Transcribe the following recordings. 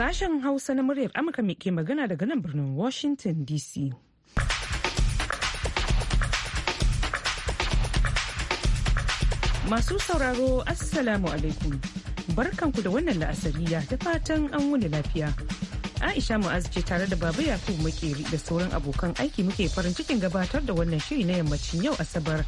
Sashen Hausa na muryar Amurka mai ke magana daga nan birnin Washington DC. Masu sauraro Assalamu alaikum. Barkanku da wannan la'asariya ta fatan an wuni lafiya. Aisha Mu'az ce tare da Baba Yakubu Makeri da sauran abokan aiki muke farin cikin gabatar da wannan shiri na yammacin yau Asabar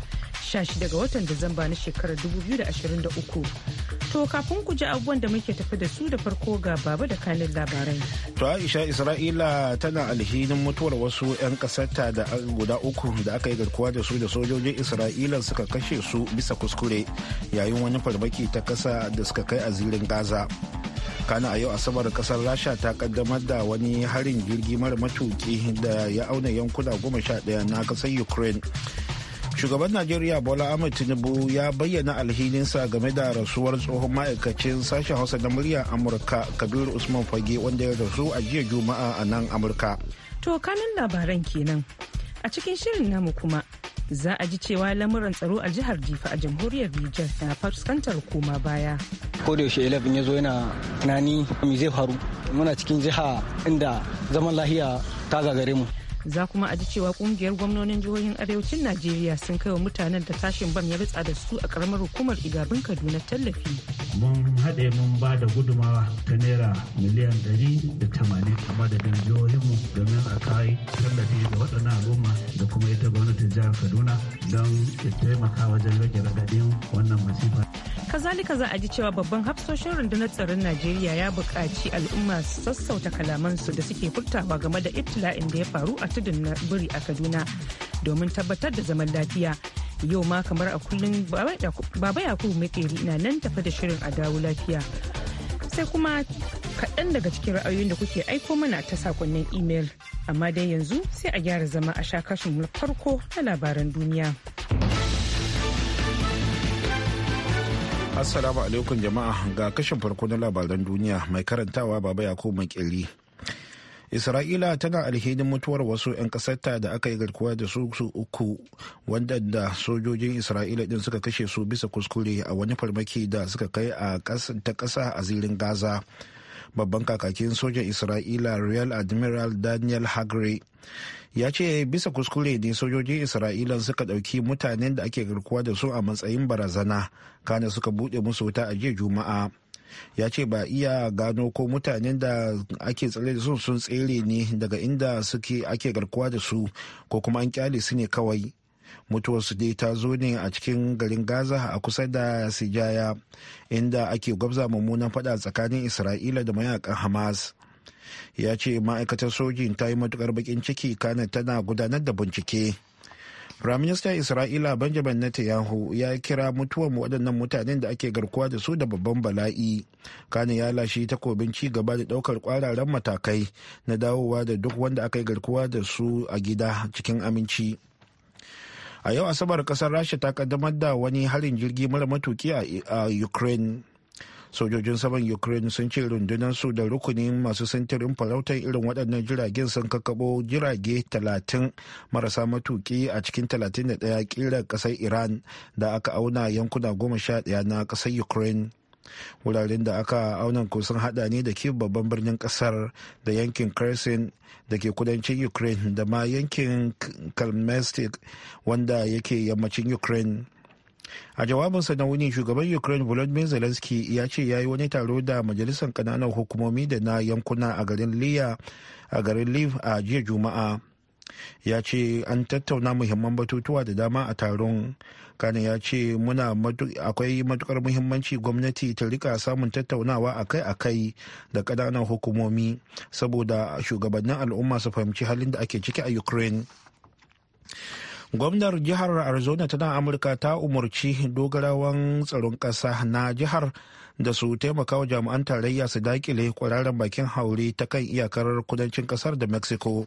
16 ga watan Disamba na shekarar 2023. To kafin ku ji abubuwan da muke tafi da su da farko ga baba da kanin labarai. To Aisha Isra'ila tana alhinin mutuwar wasu 'yan kasarta da guda uku da aka yi garkuwa da su da sojojin Isra'ila suka kashe su bisa kuskure yayin wani farmaki ta kasa da suka kai a zirin Gaza. kana a yau asabar kasar rasha ta kaddamar da wani harin jirgi mara matuki da ya auna yankuna goma sha daya na kasar ukraine shugaban najeriya bola ahmed tinubu ya bayyana alhininsa game da rasuwar tsohon ma'aikacin sashen hausa na murya amurka kabir usman fage wanda ya rasu a jiya juma'a a nan amurka to kanin labaran kenan a cikin shirin namu kuma za a ji cewa lamuran tsaro a jihar jifa a jamhuriyar nijar na fuskantar koma baya ko da yaushe ya zo yana tunani me zai faru muna cikin jiha inda zaman lahiya ta gagare mu za kuma a ji cewa kungiyar gwamnonin jihohin arewacin najeriya sun kai wa mutanen da tashin bam ya ritsa da su a karamar hukumar igabin kaduna tallafi mun haɗe mun ba da gudumawa ta naira miliyan 180 a madadin jihohinmu domin a kai tallafi da waɗannan al'umma da kuma ita gwamnatin jihar kaduna don taimaka wajen rage raɗaɗin wannan masifa kazalika za a ji cewa babban hafsoshin rundunar tsaron najeriya ya buƙaci al'umma su sassauta kalamansu da suke furtawa game da ibtila'in da ya faru a tudun biri a kaduna domin tabbatar da zaman lafiya yau ma kamar a kullum baba yakubu makeri na nan tafi da shirin a dawo lafiya sai kuma kaɗan daga cikin ra'ayoyin da kuke aiko mana ta sakonnin imel amma dai yanzu sai a gyara zama a sha kashin farko na labaran duniya. Assalamu alaikum jama'a ga kashin farko na labaran duniya mai karantawa baba koma kiri Isra'ila tana alhinin mutuwar wasu 'yan kasarta da aka yi garkuwa da su su uku wadanda sojojin Isra'ila din suka kashe su bisa kuskure a wani farmaki da suka kai a ta ƙasa a zirin Gaza. Babban kakakin sojan Isra'ila Real Admiral Daniel Hagre ya ce bisa kuskure ne sojojin isra'ila suka ɗauki mutanen da ake garkuwa da su a matsayin barazana kana suka buɗe musu wuta a jiya juma'a ya ce ba iya gano ko mutanen da ake tsare da su sun tsere ne daga inda suke ake garkuwa da su ko kuma an kyale su ne kawai mutuwarsu dai ta zo ne a cikin garin gaza a kusa da sijaya inda ake gwabza mummunan faɗa tsakanin isra'ila da mayakan hamas ya ce ma'aikatar sojin ta yi matukar bakin ciki kana tana gudanar da bincike firaministan isra'ila benjamin netanyahu ya kira mutuwar waɗannan mutanen da ake garkuwa da su da babban bala'i kane ya lashe takobin ci gaba da ɗaukar ƙwararren matakai na dawowa da duk wanda aka yi garkuwa da su a gida cikin aminci a yau asabar kasar rasha ta kaddamar da wani harin jirgi mara matuki a ukraine sojojin saman ukraine sun ce rundunar su da rukunin masu sintirin farautar irin waɗannan jiragen sun kakaɓo jirage 30 marasa matuki a cikin 31 ƙirar ƙasar iran da aka auna yankuna 11 na ƙasar ukraine wuraren da aka auna kusan sun hada ne da ke babban birnin kasar da yankin kresin da ke kudancin ukraine da ma yankin kalmastik wanda yake yammacin ukraine a jawabinsa na wuni shugaban ukraine volodymyr zelensky ya ce ya yi wani taro da majalisar kananan hukumomi da na yankuna a garin liya a garin liv a jiya juma'a ya ce an tattauna muhimman batutuwa da dama a taron kana ya ce muna akwai matukar muhimmanci gwamnati ta rika samun tattaunawa akai-akai da kananan hukumomi saboda shugabannin al'umma su fahimci halin da ake ciki a ukraine gwamnar jihar arizona ta nan amurka ta umarci dogarawan tsaron ƙasa na jihar da su taimaka wa jami'an tarayya su dakile kwararren bakin haure ta kan iyakar kudancin ƙasar da mexico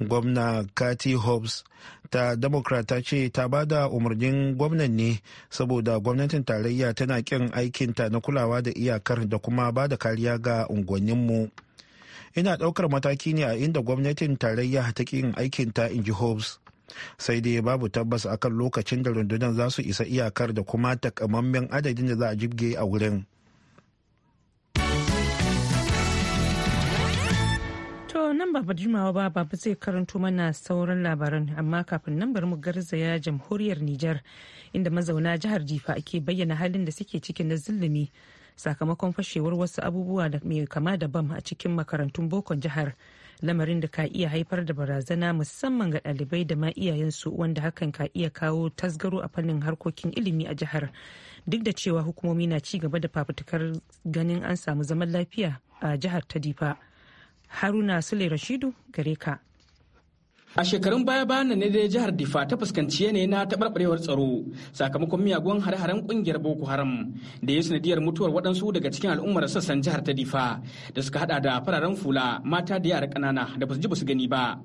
gwamna kati Hobbs ta Democrat ta ce ta ba da umarnin gwamnan ne saboda gwamnatin tarayya tana kin aikinta na kulawa da iyakar da kuma ba da kariya ga unguwanninmu. Ina daukar mataki ne a inda gwamnatin tarayya ta kin aikinta in ji Hobbs. sai dai babu tabbas akan lokacin da rundunar za su isa iyakar da kuma takamammen adadin da za a jibge a wurin to nan ba jimawa ba babu zai karanto mana sauran labaran amma kafin nan bari mu garzaya jamhuriyar Nijar inda mazauna jihar Jifa ake bayyana halin da suke cikin na zulumi sakamakon fashewar wasu abubuwa da mai kama da bam a cikin makarantun bokon jihar lamarin da ka iya haifar da barazana musamman ga ɗalibai da ma iyayensu wanda hakan ka iya kawo tasgaro a fannin harkokin ilimi a jihar duk da cewa hukumomi na ci gaba da fafutukar ganin an samu zaman lafiya a jihar ta difa haruna sule rashidu gare ka A shekarun baya bayan nan ne dai jihar Difa ta fuskanci yanayi na taɓarɓarewar tsaro sakamakon miyagun hare-haren ƙungiyar Boko Haram da ya sanadiyar mutuwar waɗansu daga cikin al'ummar sassan jihar ta Difa da suka haɗa da fararen fula mata da yara ƙanana da basu ji ba su gani ba.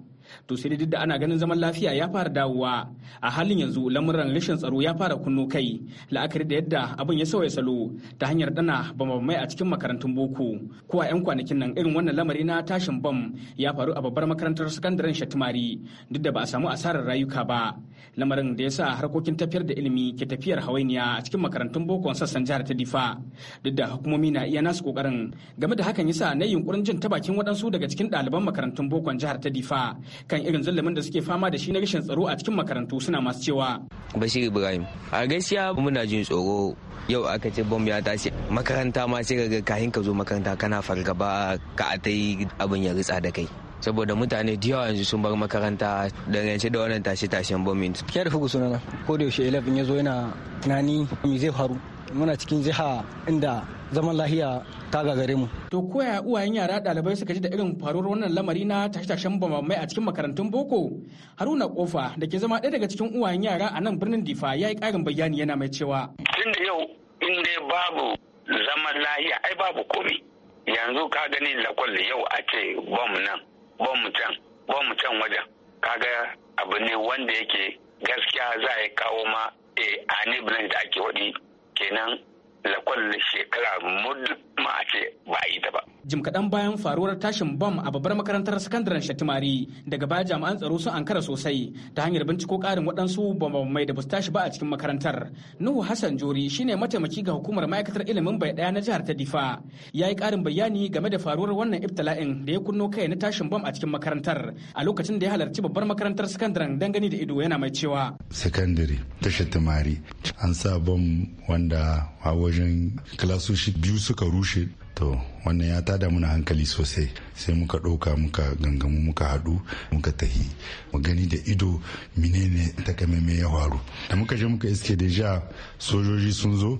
to sai duk da ana ganin zaman lafiya ya fara dawowa a halin yanzu lamuran rashin tsaro ya fara kunno kai la'akari da yadda abin ya sauya salo ta hanyar dana mai a cikin makarantun boko ko a 'yan kwanakin nan irin wannan lamari na tashin bam ya faru a babbar makarantar sakandaren shatimari duk da ba a samu asarar rayuka ba lamarin da ya sa harkokin tafiyar da ilimi ke tafiyar hawainiya a cikin makarantun bokon sassan jihar ta difa duk da hukumomi na iya nasu kokarin game da hakan yasa na yunkurin jin ta bakin waɗansu daga cikin ɗaliban makarantun bokon jihar ta difa kan irin zulumin da suke fama da shi na rashin tsaro a cikin makarantu suna masu cewa bashir ibrahim a gaskiya muna jin tsoro yau aka ce bom ya tashi makaranta ma sai ga kahin ka zo makaranta kana fargaba ka a ta yi abin ya ritsa da kai saboda mutane da yawa yanzu sun bar makaranta dangance da wannan tashi tashen bombing ya da fuku sunana ko da yaushe 11 ya zo yana tunani mai zai faru muna cikin jiha inda zaman lahiya ta gagare mu. To koya uwayen yara ɗalibai suka ji da irin faruwar wannan lamari na tashe-tashen bamamai a cikin makarantun boko? Haruna Kofa da ke zama ɗaya daga cikin uwayen yara a nan birnin Difa ya yi ƙarin bayani yana mai cewa. Tun da yau in dai babu zaman lahiya ai babu komi. Yanzu ka gani lakwal yau a ce bom nan, bom can, bom can wajen. Kaga abu ne wanda yake gaskiya za a kawo ma eh, a ne da ake waɗi kenan kwallon shekara muddin ma ce ba a yi ta ba. Jim kaɗan bayan faruwar tashin bom a babbar makarantar sakandaren Shatimari daga baya jami'an tsaro sun ankara sosai ta hanyar binciko ƙarin waɗansu bambamai da ba tashi ba a cikin makarantar. Nuhu Hassan Jori shine mataimaki ga hukumar ma'aikatar ilimin bai ɗaya na jihar ta Difa. Ya yi ƙarin bayani game da faruwar wannan ibtila'in da ya kunno kai na tashin bom a cikin makarantar a lokacin da ya halarci babbar makarantar sakandaren dangane da ido yana mai cewa. Sakandare ta Shatimari an sa bom wanda a wajen kilasoshi biyu suka rushe to wannan ya tada muna hankali sosai sai muka ɗauka muka gangamu muka haɗu muka tahi mu gani da ido menene takamaimai ya faru da muka je muka iske deja sojoji sun zo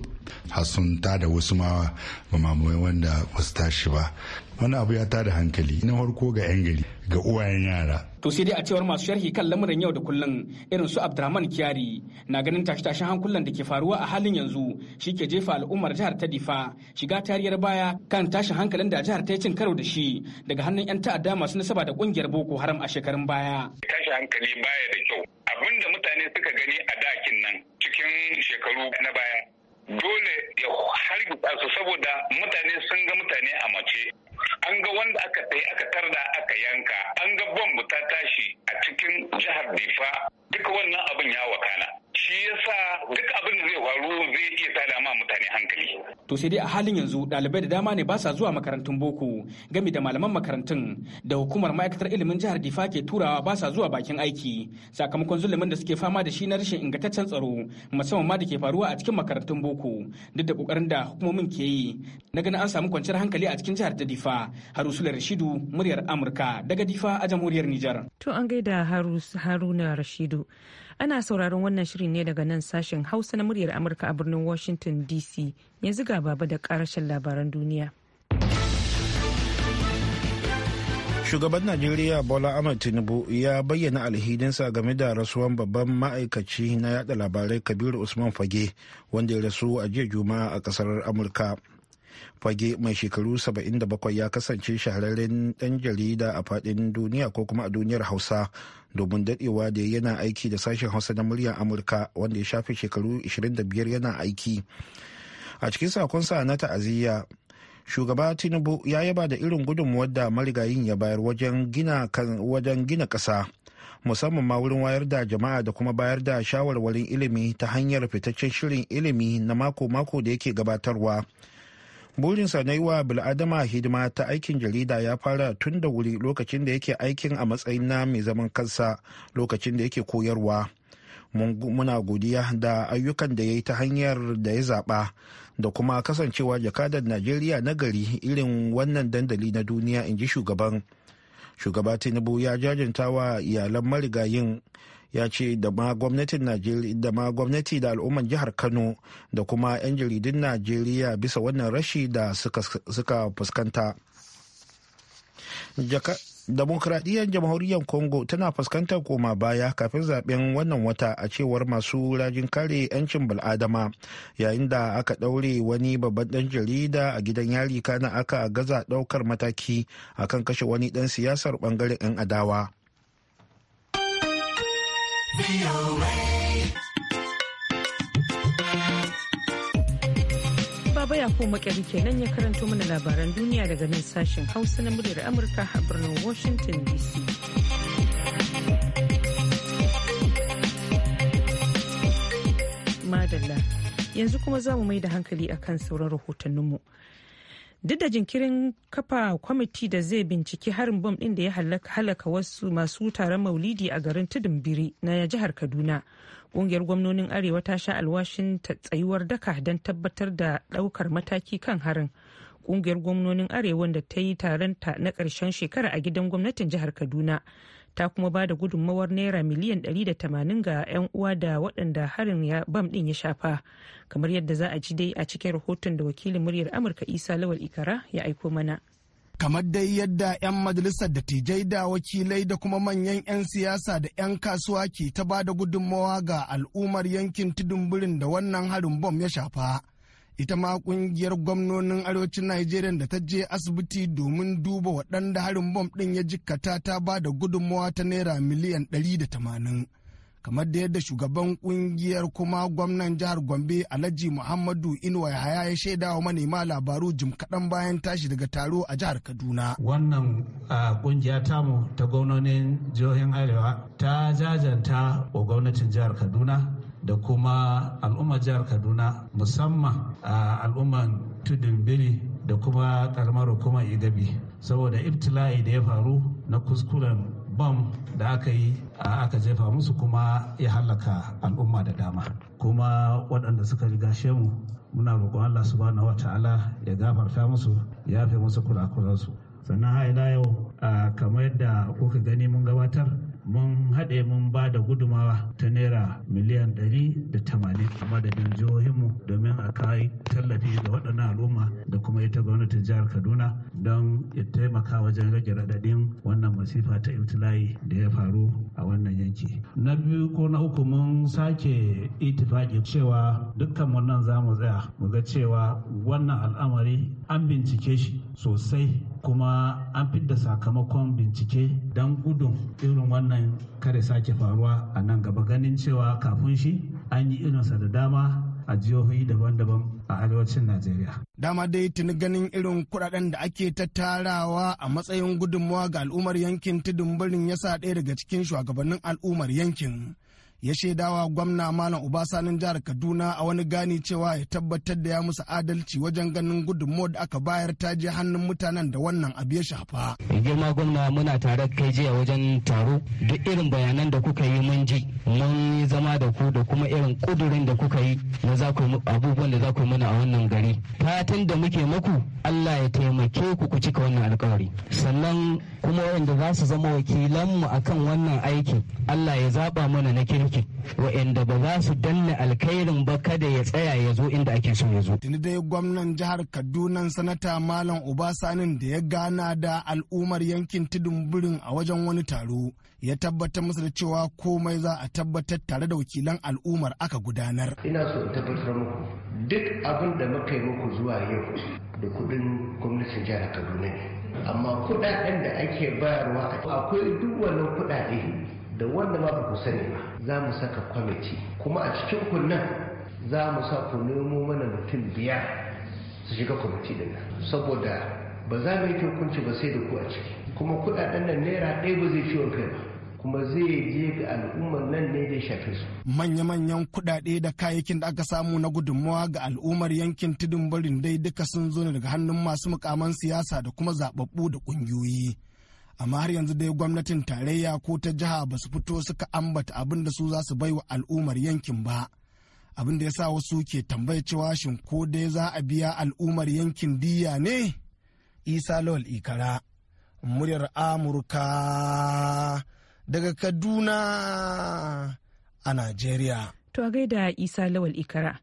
har sun tada wasu ma mamaye wanda wasu tashi ba wani abu ya tada hankali na farko ga 'yan gari ga uwayen yara To sai dai a cewar masu sharhi kan lamuran yau da kullum irin su Abdurrahman Kyari na ganin tashe-tashen hankulan da ke faruwa a halin yanzu shi ke jefa al'ummar jihar ta Difa shiga tariyar baya kan tashin hankalin da jihar ta cin karo da shi daga hannun 'yan ta'adda masu nasaba da kungiyar Boko Haram a shekarun baya. Tashi hankali baya da kyau. Abin da mutane suka gani a dakin nan cikin shekaru na baya dole ya harbi su saboda mutane sun ga mutane a mace an ga wanda aka tsaye aka tarda aka yanka an ga bomb ta tashi a cikin jihar difa duka wannan abin ya wakana shi yasa duk abin da zai faru zai iya tada ma mutane hankali to sai dai a halin yanzu ɗalibai da dama ne ba sa zuwa makarantun boko gami da malaman makarantun da hukumar ma'aikatar ilimin jihar difa ke turawa ba sa zuwa bakin aiki sakamakon zulumin da suke fama da shi na rashin ingantaccen tsaro musamman ma da ke faruwa a cikin makarantun boko duk da kokarin da hukumomin ke yi na ganin an samu kwanciyar hankali a cikin jihar ta difa Difa Harusula Rashidu muryar Amurka daga Difa a jamhuriyar Nijar. To an gaida Haruna Rashidu. Ana sauraron wannan shirin ne daga nan sashen Hausa na muryar Amurka a birnin Washington DC. Yanzu ga baba da karashen labaran duniya. Shugaban Najeriya Bola Ahmed Tinubu ya bayyana alhidinsa game da rasuwan babban ma'aikaci na yada labarai Kabiru Usman Fage wanda ya rasu a jiya Juma'a a kasar Amurka. fage mai shekaru 77 ya kasance shahararren dan jarida a fadin duniya ko kuma a duniyar hausa domin dadewa da yana aiki da sashen hausa na muryar amurka wanda ya shafe shekaru 25 yana aiki a cikin sakonsa na ta'aziyya shugaba tinubu ya yaba da irin gudunmuwar da marigayin ya bayar wajen gina ƙasa musamman ma wurin wayar da jama'a da kuma bayar da shawarwarin ilimi ta hanyar fitaccen shirin ilimi na mako-mako da yake gabatarwa burinsa na yi wa bil'adama hidima ta aikin jarida ya fara tun da wuri lokacin da yake aikin a matsayin na mai zaman kansa lokacin da yake koyarwa muna godiya da ayyukan da ya yi ta hanyar da ya zaɓa da kuma kasancewa jakadar najeriya na gari irin wannan dandali na duniya in ji shugaban shugaba tinubu ya jajanta wa iyalan marigayin ya ce da ma gwamnatin da gwamnati da al'umman jihar kano da kuma 'yan jaridun najeriya bisa wannan rashi da suka fuskanta Demokradiyyar jamhuriyar Congo tana fuskantar koma baya kafin zaben wannan wata a cewar masu rajin kare 'yancin bil'adama yayin da aka ɗaure wani babban ɗan jarida a gidan yari kana aka gaza ɗaukar mataki akan kashe wani ɗan siyasar ɓangaren 'yan adawa. Baba Yakubu Makari kenan ya karanto mana labaran duniya daga nan sashen Hausa na muryar Amurka a birnin Washington DC. Madalla. Yanzu kuma za mu mai da hankali akan sauran rahotanninmu. duk da jinkirin kafa kwamiti da zai binciki harin bom ɗin da ya halaka wasu masu taron maulidi a garin tudun biri na jihar kaduna kungiyar gwamnonin arewa ta sha alwashin tsayuwar daka don tabbatar da daukar mataki kan harin kungiyar gwamnonin arewa da ta yi taron ta na karshen shekara a gidan gwamnatin jihar kaduna ta kuma ba da gudunmawar naira miliyan 180 ga 'yan uwa da waɗanda harin ya bam ɗin ya shafa kamar yadda za a ji dai a cikin rahoton da wakilin muryar amurka isa lawal ikara ya aiko mana kamar dai yadda 'yan majalisar dattijai da wakilai da kuma manyan 'yan siyasa da 'yan kasuwa ke ta ba da gudunmawa ga al'ummar yankin tudun birin da wannan harin bom ya shafa ita ma kungiyar gwamnonin arewacin nigeria da ta je asibiti domin duba waɗanda harin bom ɗin ya jikkata ta ba da gudunmawa ta naira miliyan 180 kamar da yadda shugaban kungiyar kuma gwamnan jihar gombe alhaji muhammadu inuwa yahaya ya shaida wa manema labaru jim kaɗan bayan tashi daga taro a jihar kaduna wannan kungiya tamu ta gwamnonin jihohin arewa ta jajanta wa gwamnatin jihar kaduna da kuma al'ummar jihar kaduna musamman a al'ummar tudun biri da kuma karamar hukumar igabi saboda ibtila'i da ya faru na kuskuren bam da aka yi a aka jefa musu kuma ya hallaka al'umma da dama kuma waɗanda suka riga mu, muna roƙon Allah subhanahu wa ta'ala ya gafarta musu ya fi musu kurakuransu sannan haila yau kamar yadda kuka gani mun gabatar mun haɗe mun ba da gudumawa ta naira miliyan ɗari 180 a madadin jihohinmu domin a kai tallafi ga waɗannan al'umma da kuma ita gwamnatin jihar kaduna don ya taimaka wajen rage raɗaɗin wannan masifa ta ibtila'i da ya faru a wannan yanki na biyu ko na uku mun sake itifaki cewa dukkan wannan za mu tsaya mu ga cewa wannan al'amari an bincike shi sosai kuma an fi da sakamakon bincike don gudun irin wannan kare sake faruwa a nan gaba ganin cewa kafin shi an yi irinsa da dama a jihohi daban-daban a arewacin Najeriya. Dama dai tuni ganin irin kuɗaɗen da ake tattarawa a matsayin gudunmawa ga al'ummar yankin tudun birnin yasa ɗaya daga cikin shugabannin al'ummar yankin ya shaidawa gwamna malam ubasanin jihar kaduna a wani gani cewa ya tabbatar da ya musu adalci wajen ganin gudunmawar da aka bayar ta je hannun mutanen da wannan abu ya shafa girma gwamna muna tare kai jiya wajen taro duk irin bayanan da kuka yi mun ji mun zama da ku da kuma irin kudurin da kuka yi na za ku abubuwan da za ku mana a wannan gari fatan da muke maku allah ya taimake ku ku cika wannan alkawari sannan kuma wanda za su zama wakilanmu akan wannan aiki allah ya zaba mana na kirki waɗanda wa'anda ba za su danna alkhairin ba kada ya tsaya ya zo inda ake so ya zo. Tuni dai gwamnan jihar Kaduna sanata Malam Obasanin da ya gana da al'ummar yankin tudun birin a wajen wani taro ya tabbatar musu da cewa komai za a tabbatar tare da wakilan al'ummar aka gudanar. Ina so in tabbatar muku duk abin da muka yi muku zuwa yau da kudin gwamnatin jihar Kaduna Amma kudaden da ake bayarwa akwai duk wannan kudade da wanda ma ba ku sani ba za mu saka kwamiti kuma a cikin kunnan za mu sa ku nemo mana mutum biyar su shiga kwamiti din nan saboda ba za mu yi hukunci ba sai da ku a ciki kuma kudaden nan naira ɗaya ba zai ciwon kai ba kuma zai je ga al'ummar nan ne da shafe su. Manya-manyan kuɗaɗe da kayayyakin da aka samu na gudunmawa ga al'ummar yankin tudun barin dai duka sun zo ne daga hannun masu mukaman siyasa da kuma zaɓaɓɓu da ƙungiyoyi. amma har yanzu dai gwamnatin tarayya ko ta jiha ba su fito suka ambata abin da su za su bai wa al'ummar yankin ba abin da ya sa wasu ke tambaya cewa shin ko dai za a biya al'ummar yankin diya ne isa lawal ikara muryar amurka daga kaduna a nigeria. to a gaida isa lawal ikara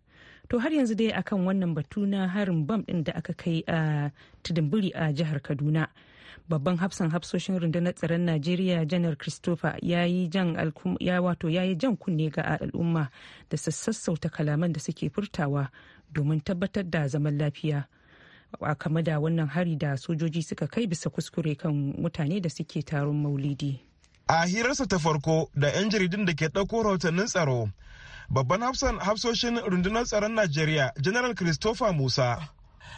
to har yanzu dai akan wannan batu na harin bam din da aka kai a ah, tudunburi a jihar kaduna babban hafsan hafsoshin rundunar tsaron najeriya janar christopher ya yi jan kunne ga al'umma da sassauta kalaman da suke furtawa domin tabbatar da zaman lafiya a kama da wannan hari da sojoji suka kai bisa kuskure kan mutane da suke taron maulidi a hirarsa ta farko da 'yan jaridun da ke ɗauko rahotannin tsaro babban hafsan hafsoshin rundunar tsaron najeriya general christopher musa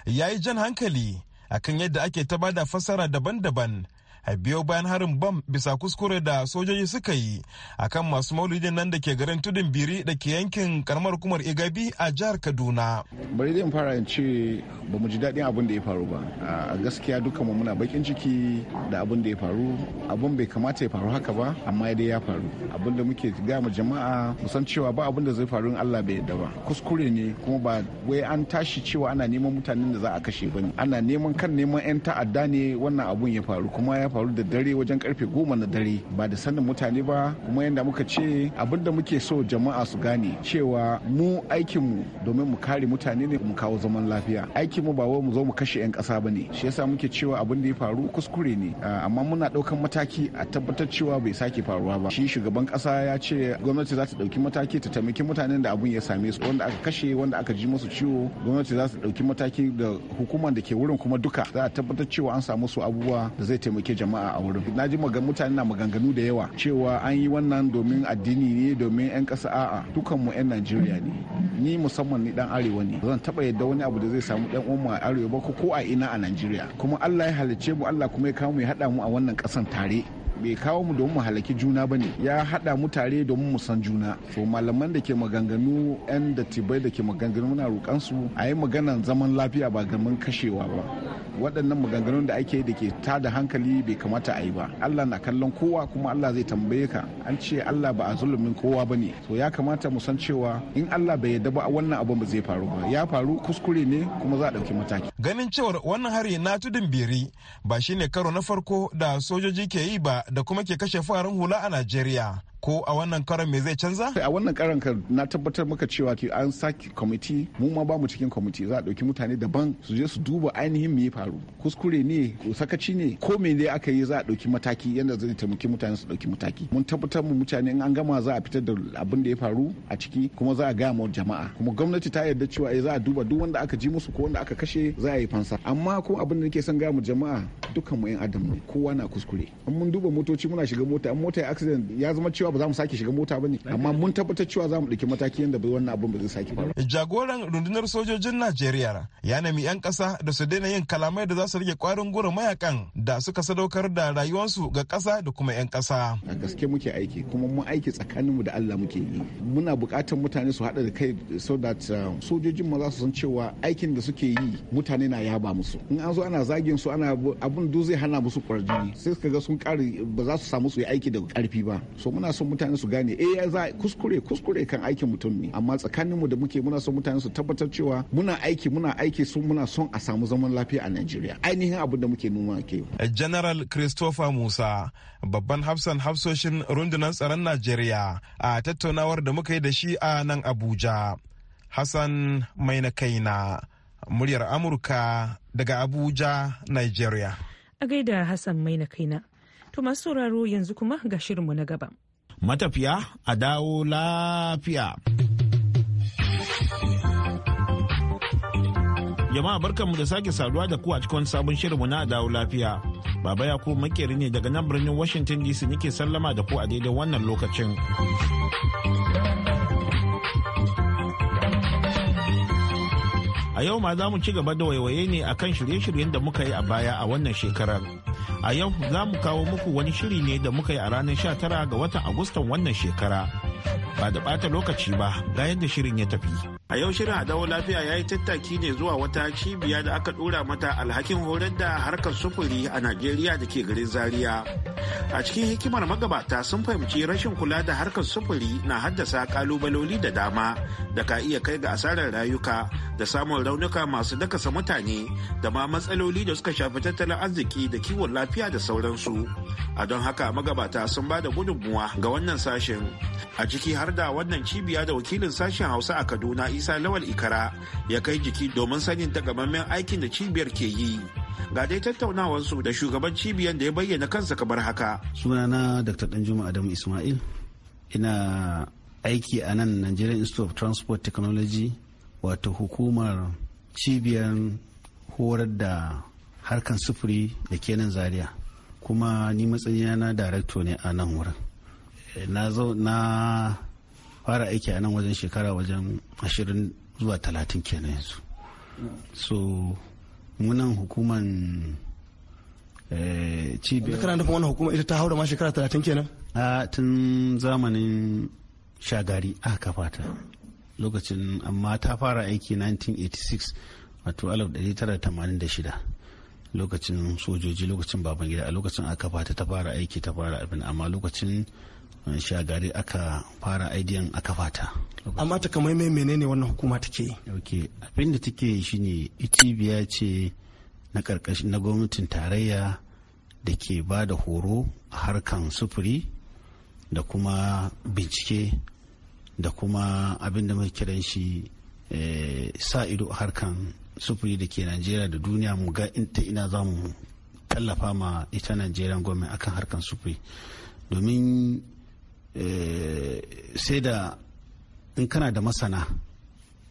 ya yi jan hankali akan yadda ake ta bada fasara daban-daban a biyo bayan harin bam bisa kuskure da sojoji suka yi akan masu maulidin nan da ke garin tudun biri da ke yankin karamar hukumar igabi a jihar kaduna bari zai fara in ce ba mu ji daɗin abin da ya faru ba a gaskiya dukkan mu muna bakin ciki da abin da ya faru abin bai kamata ya faru haka ba amma dai ya faru abin da muke ga mu jama'a musan cewa ba abin da zai faru in Allah bai yarda ba kuskure ne kuma ba wai an tashi cewa ana neman mutanen da za a kashe ba ne ana neman kan neman 'yan ta'adda ne wannan abun ya faru kuma ya faru da dare wajen karfe goma na dare ba da sanin mutane ba kuma yadda muka ce abin da muke so jama'a su gane cewa mu aikinmu domin mu kare mutane ne mu kawo zaman lafiya mu ba wai mu zo mu kashe 'yan ƙasa ba shi yasa muke cewa abin da ya faru kuskure ne ah, amma muna daukan mataki a tabbatar cewa bai sake faruwa ba shi shugaban kasa ya ce gwamnati za ta dauki mataki ta taimaki mutanen da abun ya same su wanda aka kashe wanda aka ji musu ciwo gwamnati za su dauki mataki da hukumar da ke wurin kuma duka za a tabbatar cewa an samu su abubuwa da zai taimake jama'a a wurin na ji mutane na maganganu da yawa cewa an yi wannan domin addini ne domin 'yan ƙasa a'a dukanmu 'yan najeriya ne ni musamman ni dan arewa ne zan taba yadda wani abu da zai samu dan uwan a arewa ba ko a ina a najeriya kuma allah ya halicce mu allah kuma ya kawo mu ya haɗa mu a wannan ƙasan tare bai kawo mu domin mu halaki juna bane ya hada mu tare domin mu san juna so malaman da ke maganganu 'yan da tibai da ke maganganu muna su a yi maganan zaman lafiya ba gaman kashewa ba waɗannan maganganun da ake da ke tada hankali bai kamata a yi ba allah na kallon kowa kuma allah zai tambaye ka an ce allah ba a zulumin kowa ba ne so ya kamata mu san cewa in allah bai yadda ba wannan abin ba zai faru ba ya faru kuskure ne kuma za a ɗauki mataki ganin cewar wannan hari na tudun biri ba shine karo na farko da sojoji ke yi ba da kuma ke kashe fararen hula a Najeriya ko a wannan karon me zai canza? a wannan karon ka na tabbatar maka cewa an saki kwamiti mu ma ba cikin kwamiti za a dauki mutane daban su je su duba ainihin me ya faru kuskure ne sakaci ne ko me ne aka yi za a dauki mataki yadda zai taimaki mutane su dauki mataki mun tabbatar mu mutane in an gama za a fitar da abin da ya faru a ciki kuma za a gaya ma jama'a kuma gwamnati ta yarda cewa eh, za a duba duk wanda aka ji musu ko wanda aka kashe za a yi fansa amma ko abin da nake son gaya mu jama'a dukkan mu yan adam ne kowa na kuskure in mun duba motoci muna shiga mota in mota ya accident ya zama cewa ba za mu sake shiga mota ba ne amma mun tabbatar cewa za mu ɗauki mataki yadda wannan abin ba zai sake ba. jagoran rundunar sojojin najeriya ya nemi 'yan kasa da su daina yin kalamai da za su rage kwarin gura mayakan da suka sadaukar da rayuwarsu ga kasa da kuma 'yan kasa. a gaske muke aiki kuma mu aiki tsakaninmu da allah muke yi muna buƙatar mutane su haɗa da kai so that um, sojojin ma za su san cewa aikin da suke yi mutane na yaba musu in an zo ana zagin su ana abun duk zai hana musu kwarjini sai suka ga sun ƙari ba za su samu su yi aiki da karfi ba so muna so son mutane su gane eh za kuskure kuskure kan aikin mutum ne amma tsakanin mu da muke muna son mutane su tabbatar cewa muna aiki muna aiki sun muna son a samu zaman lafiya a Najeriya ainihin abin da muke nuna ke General Christopher Musa babban hafsan hafsoshin rundunar tsaron Najeriya a tattaunawar da muka yi da shi a nan Abuja Hassan Mai na kaina muryar Amurka daga Abuja Nigeria a gaida Hassan Mai na kaina to masu sauraro yanzu kuma ga shirinmu na gaba matafiya a dawo lafiya. Jama'a barkanmu da sake saduwa da ku a cikin sabon shirinmu na dawo lafiya. Baba ya ku makeri ne daga nan birnin Washington DC nake sallama da ku a daidai wannan lokacin. A yau ma za mu ci gaba da waiwaye ne akan shirye-shiryen da muka yi a baya a wannan shekarar. A yau za mu kawo muku wani shiri ne da muka yi a ranar 19 ga watan Agustan wannan shekara. Ba da ɓata lokaci ba ga yadda shirin ya tafi. A yau shirin a dawo lafiya ya yi tattaki ne zuwa wata cibiya da aka dora mata alhakin horar da harkar sufuri a Najeriya da ke garin Zaria. A cikin hikimar magabata sun fahimci rashin kula da harkar sufuri na haddasa kalubaloli da dama da ka iya kai ga asarar rayuka da samun raunuka masu dakasa mutane da ma matsaloli da suka shafi tattalin arziki da kiwon lafiya da sauransu. A don haka magabata sun ba da gudunmuwa ga wannan sashen a ciki har da wannan cibiya da wakilin sashen hausa a kaduna isa lawal ikara ya kai jiki domin sanin takamaiman aikin da cibiyar ke yi ga dai tattaunawarsu da shugaban cibiyar da ya bayyana kansa kamar haka sunana dr danjuma adamu ismail ina aiki a nan nigerian institute of transport technology wato hukumar cibiyar horar da harkan sufuri da kenan zaria kuma ni matsayina na director ne a nan wurin na na fara aiki a nan wajen shekara wajen ashirin zuwa talatin kenan yanzu so munan hukuman eh, cibiyar kana nufin wannan hukuma ita ta haura ma shekara talatin kenan a tun zamanin shagari aka kafata lokacin amma ta fara aiki 1986 wato 1986 lokacin sojoji lokacin babangida a lokacin aka fata ta fara aiki ta fara abin amma lokacin shi a gari aka fara aidiyan a kafata amma ta kamar mai menene wannan hukuma take yi ok abin da take yi shine cibiya ce na karkashin na gwamnatin tarayya da ke ba da horo a harkan sufuri da kuma bincike da kuma abin da mai kiran shi eh, sa ido a harkan sufuri da ke najeriya da duniya mu ga ta ina za mu tallafa ma ita najeriya gwamnati akan harkan sufuri domin Eh, sai da in kana da masana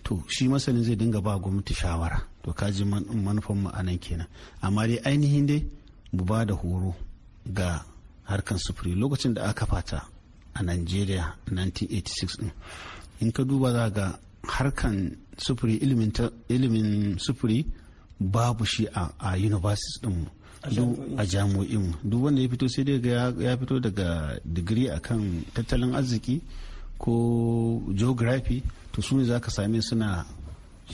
to shi masanin zai dinga ba gwamnati shawara to kaji manufan mu anan kenan amma dai ainihin dai mu ba da horo ga harkan sufuri lokacin da aka fata a nigeria 1986 in ka duba za ga harkan sufuri ilimin sufuri babu shi a universities mu. a jami'in duk wanda ya fito sai dai ya fito daga digiri akan tattalin arziki ko geography to su ne za ka same suna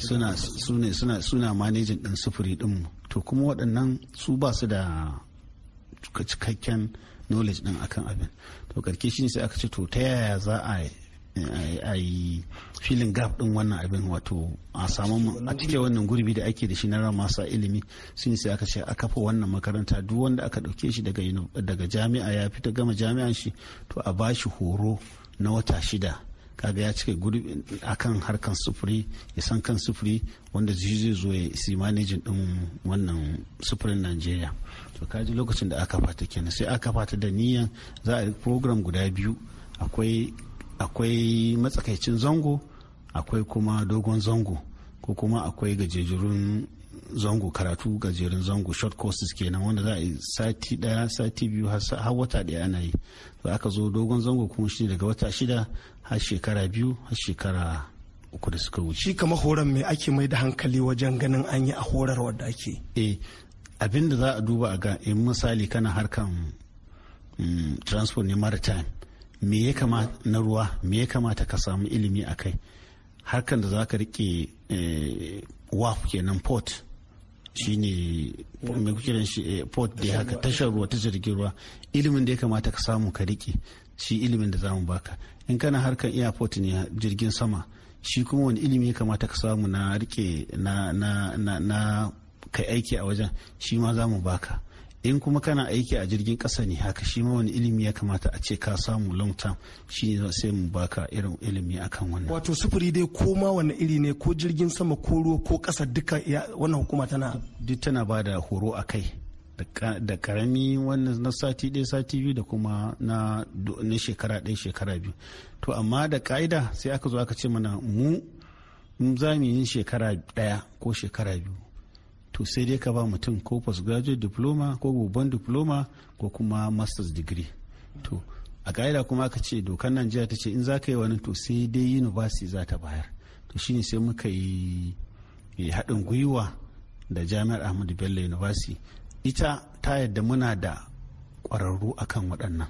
suna suna din sufuri din to kuma waɗannan su ba su da cikakken knowledge din akan abin to karke shi ne sai aka ce to ta yaya za a a filin gap din wannan abin wato a samu a cike wannan gurbi da ake da shi na masa ilimi sun sai aka ce a kafa wannan makaranta duk wanda aka dauke shi daga jami'a ya fita gama jami'an shi to a ba shi horo na wata shida kaga ya cika gurbi kan harkan sufuri ya san kan sufuri wanda zai zo ya si manajin din wannan sufurin najeriya to kaji lokacin da aka fata kenan sai aka fata da niyan za a program guda biyu akwai akwai matsakaicin zango akwai kuma dogon zango ko kuma akwai gajejirun zango karatu gajerun zango short courses kenan wanda za a yi sati daya sati biyu har wata daya ana yi za aka zo dogon zango kuma shi daga wata shida har shekara biyu har shekara uku da suka wuce shi kama horon me ake mai da hankali wajen ganin an yi a horar wadda ake eh abin da za a duba a ga in misali kana harkan mm, transport ne maritime me ya kamata na ruwa me ya kamata ka samu ilimi a kai harkan da za ka rike eh, waf kenan port ne mai kuke shi eh, port da haka tashar ruwa ta jirgin ruwa ilimin da ya kamata ka samu ka rike shi ilimin da za mu baka in kana harkan airport ne jirgin sama shi kuma wani ilimi ya kamata ka samu na rike na ka aiki a wajen shi ma za mu baka in kuma kana aiki a jirgin kasa ne haka shi ma wani ilimi ya kamata a ce ka samu long term shi ne sai mu baka irin ilimi akan wannan wato sufuri dai ko ma wani iri ne ko jirgin sama ko ruwa ko kasa duka wannan hukuma tana duk tana ba da horo a kai da karami wannan na sati ɗaya sati biyu da kuma na shekara ɗaya shekara biyu to amma da ka'ida sai aka zo aka ce mana mu za mu yi shekara ɗaya ko shekara biyu to sai dai ka ba mutum ko postgraduate diploma ko babban diploma ko kuma master's degree to a ka'ida kuma aka ce dokar najeriya ta ce in za ka yi wani to sai dai university za ta bayar to shi ne sai muka yi haɗin gwiwa da jami'ar ahmadu bello university ita ta yadda muna da ƙwararru akan waɗannan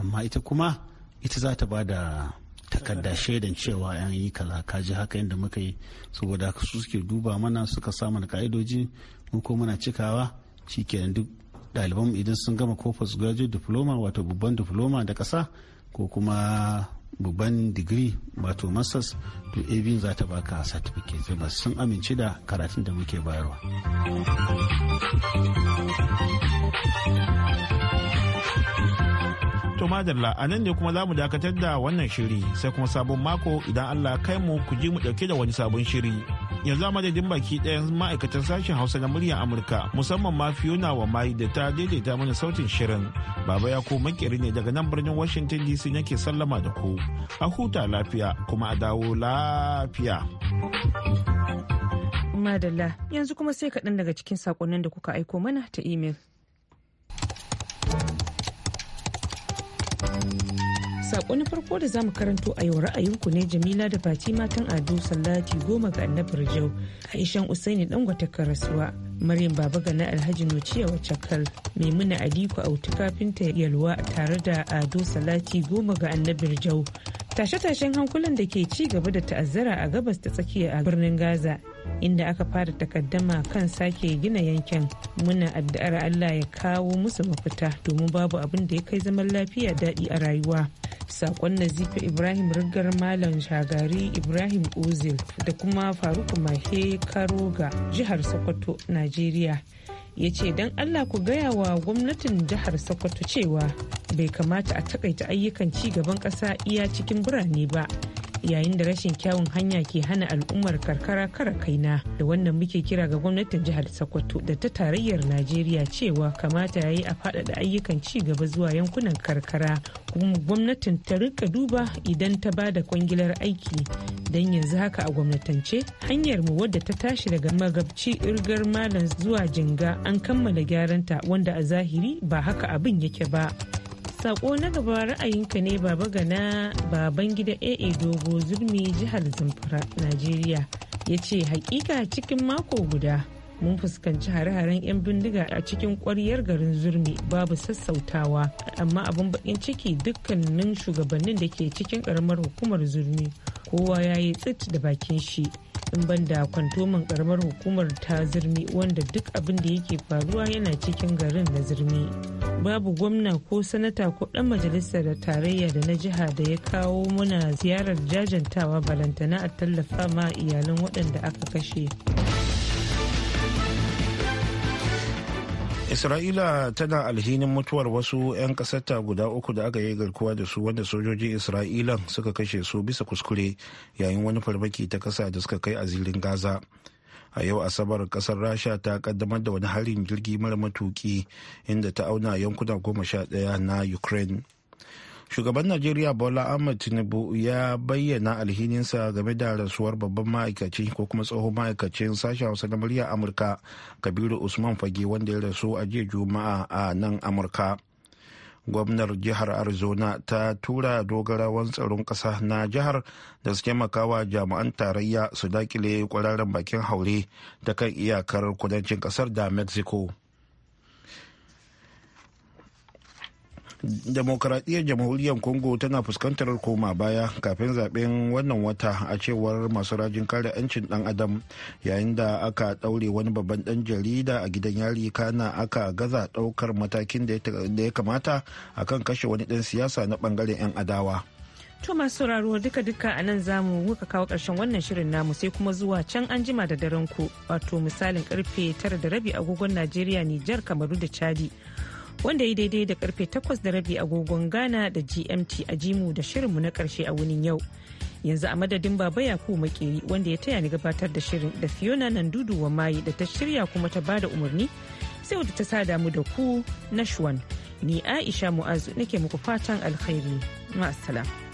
amma ita kuma ita za ta ba da takarda shaidan cewa yan yi kaza ka ji haka yadda muka yi saboda su suke duba mana suka samu na ka'idoji mu ko muna cikawa shi ke duk ɗaliban idan sun gama ko postgraduate diploma wato babban diploma da kasa ko kuma babban digiri wato masters to abin za ta baka certificate ba sun amince da karatun da muke bayarwa To madalla a nan ne kuma za mu dakatar da wannan shiri sai kuma sabon mako idan Allah kai mu ku ji mu dauke da wani sabon shiri. Yanzu a madadin baki ɗaya ma'aikatan sashen Hausa na muryar Amurka musamman ma Fiona wa Mai da ta daidaita mana sautin shirin. Baba ya ko makeri ne daga nan birnin Washington DC nake sallama da ku. A huta lafiya kuma a dawo lafiya. Madalla yanzu kuma sai kaɗan daga cikin sakonnin da kuka aiko mana ta imel. sako na farko da zamu karanto a yau ra'ayinku ne jamila da fati matan ado sallati goma ga annabar jau aishan usaini gwata karasuwa maryam baba gana alhaji nociya wacce kal maimuna autu kafin ta yalwa tare da ado salati goma ga annabi jau tashe-tashen hankulan da ke ci gaba da ta'azzara a gabas ta tsakiya a birnin gaza inda aka fara takaddama kan sake gina yankin muna addu'ar allah ya kawo musu mafita domin babu abin da ya kai zaman lafiya daɗi a rayuwa sakon nazifi ibrahim rigar malam shagari ibrahim ozil da kuma faruk mahe karoga jihar sokoto najeriya ya ce don allah ku gaya wa gwamnatin jihar sokoto cewa bai kamata a takaita ayyukan ci gaban ƙasa iya cikin birane ba yayin da rashin kyawun hanya ke hana al'ummar karkara kara kaina da wannan muke kira ga gwamnatin jihar sokoto da ta tarayyar najeriya cewa kamata ya yi a faɗaɗa ayyukan ci gaba zuwa yankunan karkara kuma gwamnatin ta rika duba idan ta ba da kwangilar aiki don yanzu haka a gwamnatance hanyar mu wadda ta tashi daga magabci irgar malam zuwa jinga an kammala gyaranta wanda a zahiri ba haka abin yake ba Sako na gaba ra'ayinka ne baba gana baban gida AA Dogo zurmi jihar Zamfara, Najeriya. Ya ce hakika cikin mako guda mun fuskanci hare-haren 'yan bindiga a cikin kwaryar garin Zurmi babu sassautawa amma abin bakin ciki dukkanin shugabannin da ke cikin karamar hukumar Zurmi kowa ya yi tsit da bakin shi in banda kwantoman karamar hukumar ta zirmi wanda duk abin da yake faruwa yana cikin garin na zirmi babu gwamna ko sanata ko dan majalisar tarayya da na jiha da ya kawo muna ziyarar jajantawa balantana a tallafa ma iyalan waɗanda aka kashe isra'ila tana alhinin mutuwar wasu 'yan ƙasarta guda uku da aka yi garkuwa da su wanda sojojin isra'ilan suka kashe su bisa kuskure yayin wani farmaki ta kasa da suka kai a zirin gaza a yau asabar kasar rasha ta kaddamar da wani harin jirgi mara matuki inda ta auna yankuna goma sha ɗaya na ukraine shugaban najeriya bola ahmed tinubu ya bayyana alhininsa game da rasuwar babban maaikacin ko kuma tsohon ma'aikacin sashen hausa na murya amurka kabiru usman fage wanda ya rasu a jiya juma'a a nan amurka gwamnar jihar arizona ta tura dogarawan tsaron kasa na jihar da su taimakawa jami'an tarayya su dakile kwararren bakin haure ta kan iyakar kudancin kasar da mexico demokuraɗiyyar jamhuriyar congo tana fuskantar koma baya kafin zaben wannan wata a cewar masu rajin kare 'yancin dan adam yayin da aka ɗaure wani babban ɗan jarida a gidan yari kana aka gaza ɗaukar matakin da ya kamata a kan kashe wani ɗan siyasa na ɓangaren 'yan adawa To masu sauraro duka-duka a nan za mu muka kawo karshen wannan shirin namu sai kuma zuwa can an jima da daren ku wato misalin karfe tara da rabi agogon Najeriya Nijar Kamaru da Chadi wanda ya daidai da karfe 8 da rabi agogon Ghana da GMT a jimu da shirinmu na karshe a wunin yau. Yanzu a madadin Baba Yakubu Makeri wanda ya taya ni gabatar da shirin da Fiona dudu wa mayi da ta shirya kuma ta bada umarni sai wata ta sada mu da ku na Ni Aisha Mu'azu nake muku fatan alkhairi. maasala